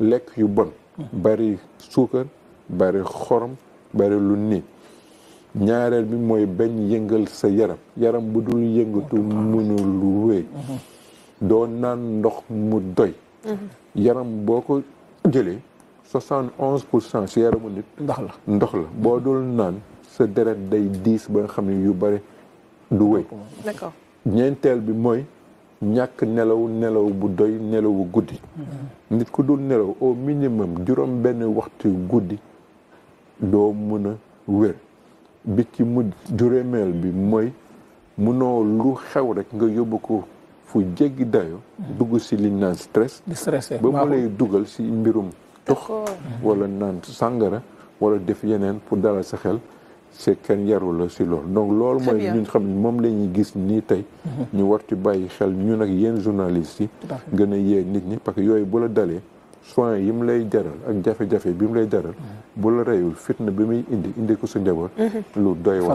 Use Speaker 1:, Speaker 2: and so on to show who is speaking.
Speaker 1: lekk yu bon bari suukar bari xorom bari lu nii ñaareel bi mooy bañ yëngal sa yaram yaram bu dul yëngatu mënul wéy doo naan ndox mu doy yaram boo ko jëlee soixante onze pour cent si yaramu nit ndox la boo dul naan sa deret day diis ba xam ne yu bari du wéy ñeenteel bi mooy ñàkk nelaw nelaw bu doy nelawu guddi
Speaker 2: mm-hmm.
Speaker 1: nit ku dul nelaw au minimum juróom benn waxtu guddi doo mën a wér bi ci mujj juróomeel bi mooy munoo lu xew rekk nga yóbbu ko fu jéggi dayo mm-hmm. dugg si liñ naan stress ba mu lay dugal si mbirum tox wala naan sàngara wala def yeneen pour dalal sa xel c'est kenn yarul la si loolu donc loolu mooy ñun xam ne moom la ñuy gis nii tey mhm. ñu war ci bàyyi xel ñu ak yéen journalistes si gën a yee nit ñi parce que yooyu bu la dalee soins yi mu lay jaral ak jafe-jafe bi mu lay jaral mhm. bu la reyul fitna bi muy indi indi ko sa njaboot mhm. lu doy waar